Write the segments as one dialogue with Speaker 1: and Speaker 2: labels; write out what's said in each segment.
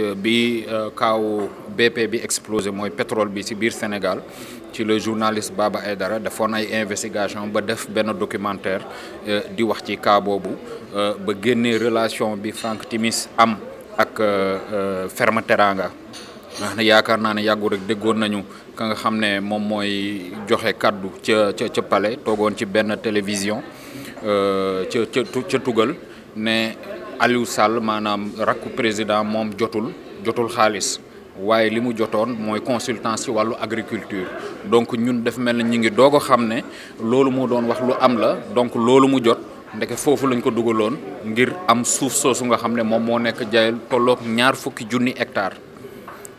Speaker 1: Euh, bi euh, kaaw bépp bi explosé mooy pétrole bi ci biir Sénégal ci le journaliste Baba Aydara dafoon ay investigation ba def benn documentaire euh, di wax ci cas boobu ba génnee relation bi Frank Timis am ak Ferme Teranga ndax ne yaakaar naa ne yàggu rek déggoon nañu ka nga xam ne moom mooy joxe kàddu ca ca ca palais toogoon ci benn télévision euh, ca ca ca tugal ne Aliou Sall maanaam rakku président moom jotul jotul xaalis waaye li mu jotoon mooy consultance ci wàllu agriculture donc ñun def mel na ñu ngi doog a xam ne loolu moo doon wax lu am la donc loolu mu jot ndeke foofu lañ ko dugaloon ngir am suuf soosu nga xam ne moom moo nekk jaayal tolloog ñaar fukki junni hectare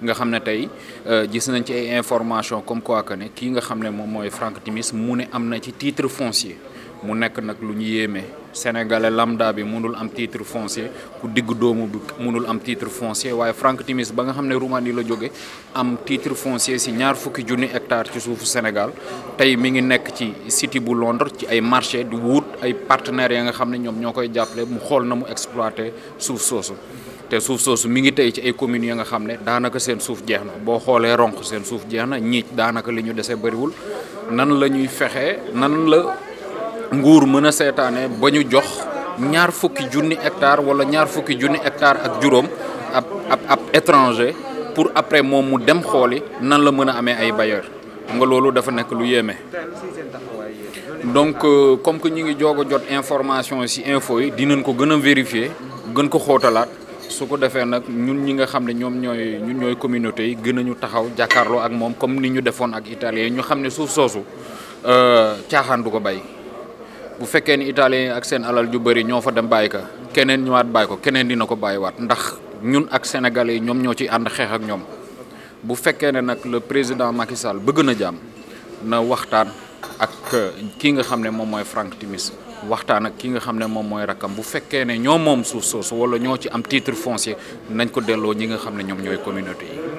Speaker 1: nga xamné tay tey euh, gis nañ ci ay information comme quoi que né ki nga xamné mom moy mooy Franck Timis mu ne am ci titre foncier mu nekk nag lu ñu yéemee sénégalais lambda bi mënul am titre foncier ku digg doomu bi munul am titre foncier waaye Franck Timis ba nga xam ne Roumanie la jóge am titre foncier si ñaar fukki junni hectare ci suufu Sénégal tey mi ngi nekk ci city bu Londres ci ay marché di wut ay partenaires ya nga xam ne ñoom ñoo koy jàppale mu xool na mu exploiter suuf soosu te suuf soosu mi ngi tey ci ay communes yi nga xam ne daanaka seen suuf jeex na boo xoolee ronq seen suuf jeex na ñiic daanaka li ñu dese bëriwul nguur mën a seetaane ba ñu jox ñaar fukki junni hectare wala ñaar fukki junni hectare ak juróom ab ab ab étranger pour après moom mu dem xooli nan la mën a amee ay bailleur nga loolu dafa nekk lu yéeme. donc euh, comme que ñu ngi joog a jot information ci info yi dinañ ko gën a vérifier gën ko xóotalaat su ko defee nag ñun ñi nga xam ne ñoom ñooy ñun ñooy communauté yi gën a ñu taxaw jàkkaarloo ak moom comme ni ñu defoon ak italien ñu xam ne suuf soosu euh, caaxaan du ko bay. bu fekkee itali italien ak seen alal ju bëri ñoo fa dem bàyyi ka keneen ñëwaat bàyyi ko keneen dina ko bàyyiwaat ndax ñun ak sénégalais yi ñoom ñoo ci ànd xeex ak ñoom bu fekkee ne nag le président Macky Sall bëgg na jàmm na waxtaan ak uh, ki nga xam ne moom Franck Timis waxtaan ak ki nga xam ne moom mooy nyom bu fekkee ne ñoo moom suuf wala ñoo ci am titre foncier nañ ko delloo ñi nga xam ne ñoom communauté